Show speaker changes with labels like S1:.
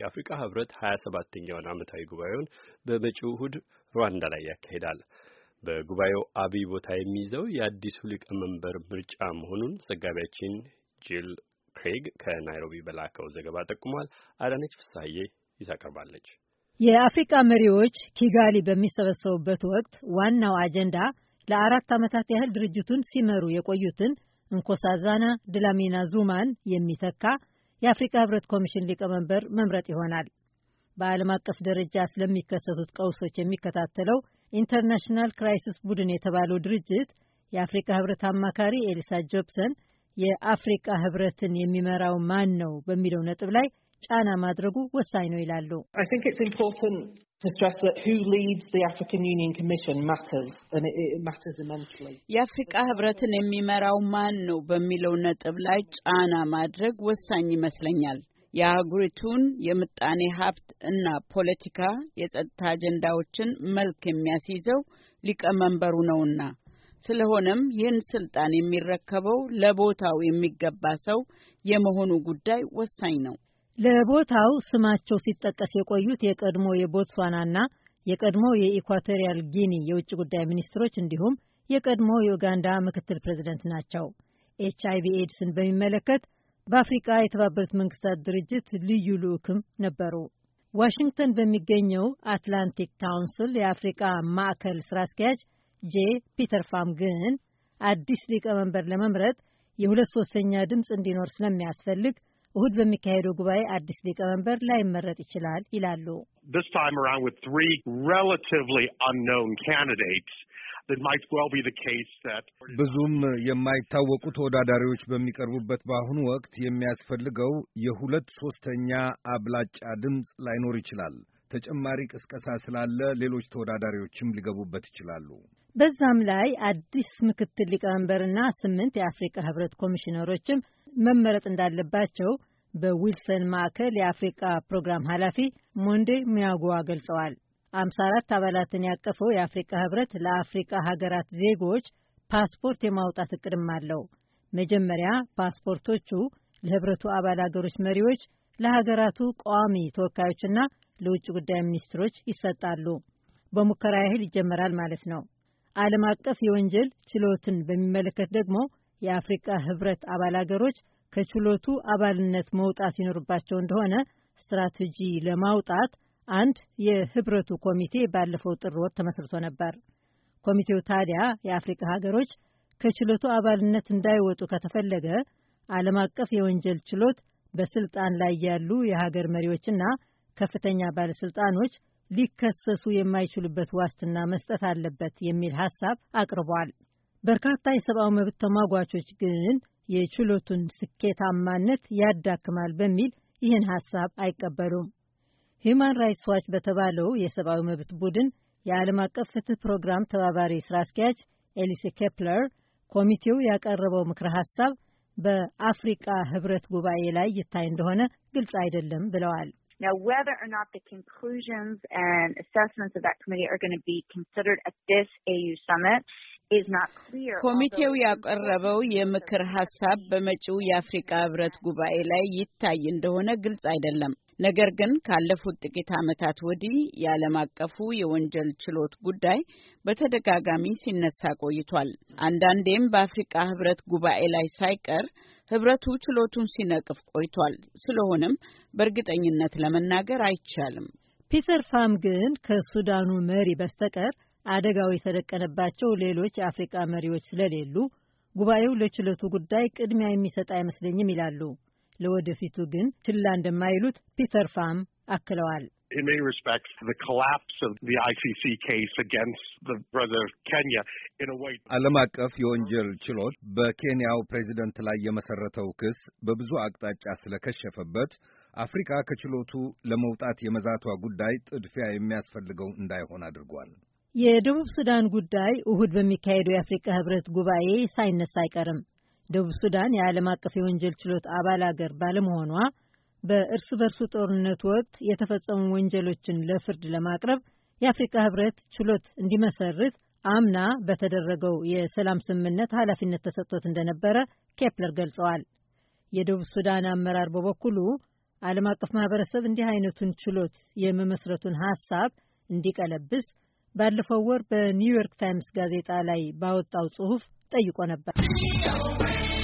S1: የአፍሪካ ህብረት ሀያ ሰባተኛውን ዓመታዊ ጉባኤውን በመጪው እሁድ ሩዋንዳ ላይ ያካሂዳል። በጉባኤው አብይ ቦታ የሚይዘው የአዲሱ ሊቀመንበር ምርጫ መሆኑን ዘጋቢያችን ጂል ክሬግ ከናይሮቢ በላከው ዘገባ ጠቁሟል። አዳነች ፍሳዬ ይዛቀርባለች።
S2: የአፍሪቃ መሪዎች ኪጋሊ በሚሰበሰቡበት ወቅት ዋናው አጀንዳ ለአራት ዓመታት ያህል ድርጅቱን ሲመሩ የቆዩትን እንኮሳዛና ድላሚና ዙማን የሚተካ የአፍሪካ ህብረት ኮሚሽን ሊቀመንበር መምረጥ ይሆናል። በዓለም አቀፍ ደረጃ ስለሚከሰቱት ቀውሶች የሚከታተለው ኢንተርናሽናል ክራይሲስ ቡድን የተባለው ድርጅት የአፍሪካ ህብረት አማካሪ ኤሊሳ ጆብሰን የአፍሪቃ ህብረትን የሚመራው ማን ነው በሚለው ነጥብ ላይ ጫና ማድረጉ ወሳኝ ነው ይላሉ።
S1: የአፍሪቃ ህብረትን የሚመራው ማን ነው በሚለው ነጥብ ላይ ጫና ማድረግ ወሳኝ ይመስለኛል። የአህጉሪቱን የምጣኔ ሀብት እና ፖለቲካ፣ የጸጥታ አጀንዳዎችን መልክ የሚያስይዘው ሊቀመንበሩ ነውና ስለሆነም ይህን ስልጣን የሚረከበው ለቦታው የሚገባ ሰው የመሆኑ ጉዳይ ወሳኝ ነው።
S2: ለቦታው ስማቸው ሲጠቀስ የቆዩት የቀድሞ የቦትስዋናና የቀድሞ የኢኳቶሪያል ጊኒ የውጭ ጉዳይ ሚኒስትሮች እንዲሁም የቀድሞ የኡጋንዳ ምክትል ፕሬዚደንት ናቸው። ኤች አይቪ ኤድስን በሚመለከት በአፍሪቃ የተባበሩት መንግስታት ድርጅት ልዩ ልዑክም ነበሩ። ዋሽንግተን በሚገኘው አትላንቲክ ካውንስል የአፍሪቃ ማዕከል ስራ አስኪያጅ ጄ ፒተርፋም ግን አዲስ ሊቀመንበር ለመምረጥ የሁለት ሶስተኛ ድምፅ እንዲኖር ስለሚያስፈልግ እሁድ በሚካሄደው ጉባኤ አዲስ ሊቀመንበር ላይመረጥ ይችላል ይላሉ። ብዙም የማይታወቁ ተወዳዳሪዎች በሚቀርቡበት በአሁኑ ወቅት የሚያስፈልገው የሁለት ሶስተኛ አብላጫ ድምፅ ላይኖር ይችላል። ተጨማሪ ቅስቀሳ ስላለ ሌሎች ተወዳዳሪዎችም ሊገቡበት ይችላሉ። በዛም ላይ አዲስ ምክትል ሊቀመንበርና ስምንት የአፍሪካ ህብረት ኮሚሽነሮችም መመረጥ እንዳለባቸው በዊልሰን ማዕከል የአፍሪቃ ፕሮግራም ኃላፊ ሞንዴ ሚያጉዋ ገልጸዋል። አምሳ አራት አባላትን ያቀፈው የአፍሪቃ ህብረት ለአፍሪቃ ሀገራት ዜጎች ፓስፖርት የማውጣት እቅድም አለው። መጀመሪያ ፓስፖርቶቹ ለህብረቱ አባል ሀገሮች መሪዎች፣ ለሀገራቱ ቋሚ ተወካዮችና ለውጭ ጉዳይ ሚኒስትሮች ይሰጣሉ። በሙከራ ያህል ይጀመራል ማለት ነው። ዓለም አቀፍ የወንጀል ችሎትን በሚመለከት ደግሞ የአፍሪካ ህብረት አባል አገሮች ከችሎቱ አባልነት መውጣት ይኖርባቸው እንደሆነ ስትራቴጂ ለማውጣት አንድ የህብረቱ ኮሚቴ ባለፈው ጥር ወር ተመስርቶ ነበር። ኮሚቴው ታዲያ የአፍሪካ ሀገሮች ከችሎቱ አባልነት እንዳይወጡ ከተፈለገ ዓለም አቀፍ የወንጀል ችሎት በስልጣን ላይ ያሉ የሀገር መሪዎችና ከፍተኛ ባለስልጣኖች ሊከሰሱ የማይችሉበት ዋስትና መስጠት አለበት የሚል ሀሳብ አቅርቧል። በርካታ የሰብአዊ መብት ተሟጓቾች ግን የችሎቱን ስኬታማነት ያዳክማል በሚል ይህን ሀሳብ አይቀበሉም። ሂዩማን ራይትስ ዋች በተባለው የሰብአዊ መብት ቡድን የዓለም አቀፍ ፍትህ ፕሮግራም ተባባሪ ስራ አስኪያጅ ኤሊሴ ኬፕለር ኮሚቴው ያቀረበው ምክረ ሀሳብ በአፍሪቃ ህብረት ጉባኤ ላይ ይታይ እንደሆነ ግልጽ አይደለም ብለዋል።
S1: Now, whether or not the conclusions and assessments of that committee are going to be considered at this AU summit is not clear. ኮሚቴው ያቀረበው የምክር ሀሳብ በመጪው የአፍሪካ ህብረት ጉባኤ ላይ ይታይ እንደሆነ ግልጽ አይደለም። ነገር ግን ካለፉት ጥቂት ዓመታት ወዲህ የዓለም አቀፉ የወንጀል ችሎት ጉዳይ በተደጋጋሚ ሲነሳ ቆይቷል። አንዳንዴም በአፍሪካ ህብረት ጉባኤ ላይ ሳይቀር ህብረቱ ችሎቱን ሲነቅፍ ቆይቷል። ስለሆነም በእርግጠኝነት ለመናገር አይቻልም።
S2: ፒተር ፋም ግን ከሱዳኑ መሪ በስተቀር አደጋው የተደቀነባቸው ሌሎች የአፍሪቃ መሪዎች ስለሌሉ ጉባኤው ለችሎቱ ጉዳይ ቅድሚያ የሚሰጥ አይመስለኝም ይላሉ። ለወደፊቱ ግን ችላ እንደማይሉት ፒተር ፋም አክለዋል።
S1: in many respects, the collapse of the ICC case against the brother of Kenya in a way.
S2: ዓለም አቀፍ የወንጀል ችሎት በኬንያው ፕሬዚደንት ላይ የመሰረተው ክስ በብዙ አቅጣጫ ስለከሸፈበት አፍሪካ ከችሎቱ ለመውጣት የመዛቷ ጉዳይ ጥድፊያ የሚያስፈልገው እንዳይሆን አድርጓል። የደቡብ ሱዳን ጉዳይ እሁድ በሚካሄደው የአፍሪካ ህብረት ጉባኤ ሳይነሳ አይቀርም። ደቡብ ሱዳን የዓለም አቀፍ የወንጀል ችሎት አባል አገር ባለመሆኗ በእርስ በርሱ ጦርነት ወቅት የተፈጸሙ ወንጀሎችን ለፍርድ ለማቅረብ የአፍሪካ ህብረት ችሎት እንዲመሰርት አምና በተደረገው የሰላም ስምምነት ኃላፊነት ተሰጥቶት እንደነበረ ኬፕለር ገልጸዋል። የደቡብ ሱዳን አመራር በበኩሉ ዓለም አቀፍ ማህበረሰብ እንዲህ አይነቱን ችሎት የመመስረቱን ሀሳብ እንዲቀለብስ ባለፈው ወር በኒውዮርክ ታይምስ ጋዜጣ ላይ ባወጣው ጽሑፍ ጠይቆ ነበር።